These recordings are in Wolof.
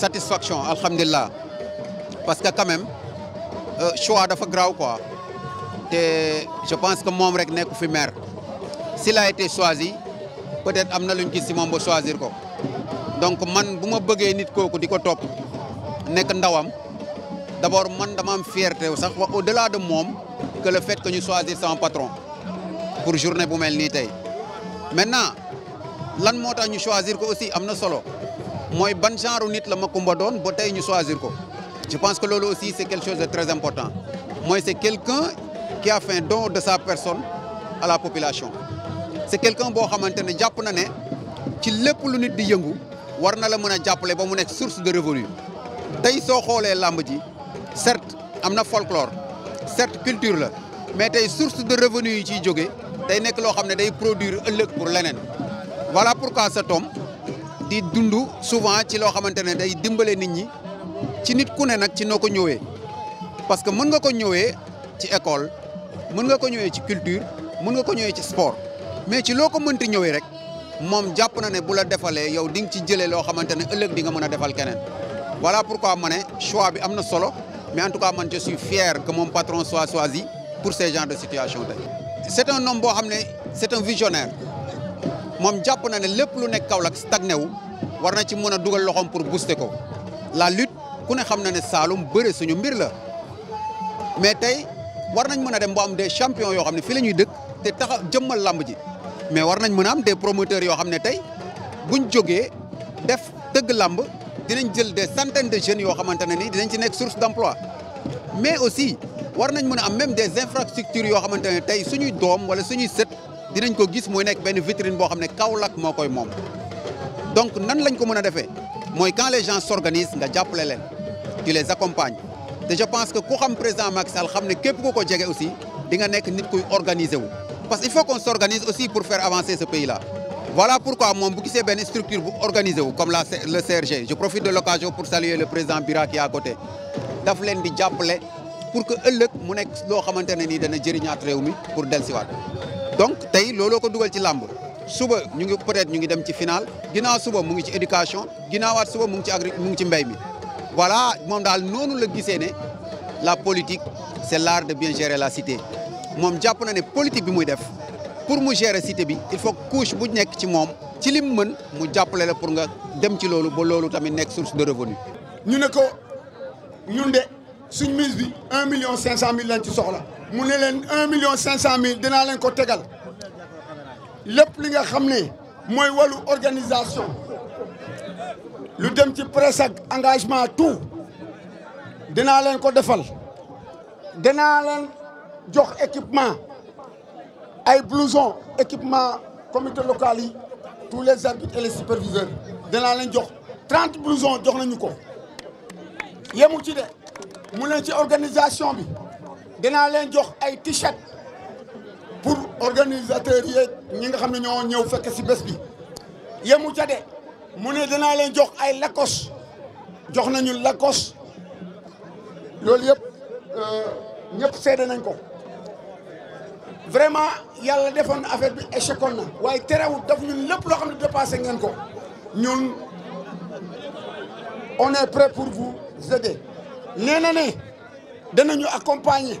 satisfaction alhamdulillah, parce que quand même euh, choix dafa grave. quoi je pense que mon rek nekku fi s'il a été choisi peut-être amna na qui gis si choisir donc man je ma bëggee nit kooku di top, topp d'abord je suis fier. au-delà de moi que le fait que nous choisir un patron pour journée pour mel maintenant lan nous choisissons ñu choisir aussi amna solo moi, ban genre nit la Macoumba doon ba tey ñu choisir ko je pense que lolo aussi c'est quelque chose de très important Moi, c'est quelqu'un qui a fait un don de sa personne à la population C'est quelqu'un boo xamante ne japonané. na ne ci lépp lu nit di yëngu war na la mën a jàppale ba mu nekk source de revenus. tey soo xoolee làmb ji certes amna folklore certes culture la mais tey source de revenus yi Jogé. jóge tey nekk loo xam day produire ëllëg pour l'année. voilà pourquoi cet homme di dundu souvent ci lo xamantene ne day dimbale nit ñi ci nit ku ne nak ci noko ko parce que mën nga ko ñëwee ci école mën nga ko ñëwee ci culture mën nga ko ñëwee ci sport mais ci loo ko mënti ñëwee rek mom japp na né bu la defalee yow di ci jëlé lo xamantene ëlëk di nga mëna défal kenen voilà pourquoi mané choix bi amna solo mais en tout cas man je suis fier que mon patron soit choisi pour ce genre de situation c'est un homme bo xamné c'est un visionnaire mom suis na ne lepp lu nek Kaolack stagné wu booster la lutte ku ne xam na suñu mbir la mais tay war nañ mëna am des champions yo xamné fi lañuy mais war nañ des promoteurs ne buñ joggé def dinañ jël des centaines de jeunes yo xamante d'emploi mais aussi war nañ même des infrastructures yo dinañ ko gis moy nek ben vitrine bo xamné Kaolack mo koy mom donc nan lañ ko mëna défé moy quand les gens s'organisent nga jàppale leen tu les accompagnes Et je pense que ku xam président Macky Sall xamné képp ko ko djégé aussi di nga nek nit kuy organisé wu parce qu'il faut qu'on s'organise aussi pour faire avancer ce pays là voilà pourquoi mon bu gisee ben structure bu organisé wu comme la le CRG je profite de l'occasion pour saluer le président Bira qui est à côté daf leen di jàppale pour que ëllëg mu nek lo xamanténi ne nii dana jëriñaat réew mi pour dellusiwaat donc tay lolo ko dugal ci lamb suba ñu ngi peut-être ñu ngi dem ci final ginnaaw suba mu ngi ci éducation ginnaawaat suba mu ngi ci agri mu ngi ci mbéy mi voilà mom dal nonu la gisé né la politique c'est l'art de bien gérer la cité mom japp na né politique bi muy def pour mu gérer cité bi il faut couche bu nekk ci mom ci lim mën mu jappalé la pour nga dem ci lolu ba lolu tamit nekk source de revenu ñu ne ko ñun de suñ mise bi 1 million 000 cent lañ ci soxla nous avons 1 million 500 000 de la Le plus grand, c'est l'organisation. Le petit presse engagement tout. De la une de fal. De la un équipement. Aïe blouson, équipement, comité local, tous les arbitres et les superviseurs. Nous avons 30 blousons, Nous avons y a une organisation dina len jox ay t-shirt pour organisateurs yi ñi nga xamni ñoo ñew fekk ci bés bi yemu ca de mu ne dinaa leen jox ay lakos jox nañu lool loolu euh ñëpp sédé nañ ko vraiment yalla defoon affaire bi échecoon na waaye terewul daf ñun lépp loo xam dépassé ngeen ko ñun on est prêt pour vous aider nee né ne danañu accompagner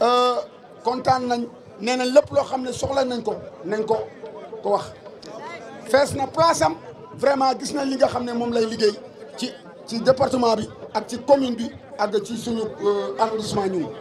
Euh, kontaan nañ nee na lépp loo xam ne soxla nañ ko nañ ko ko wax fees na place am vraiment gis nañ li nga xam ne moom lay liggéey ci ci département bi ak ci commune bi ak ci suñu euh, arrondissement ñun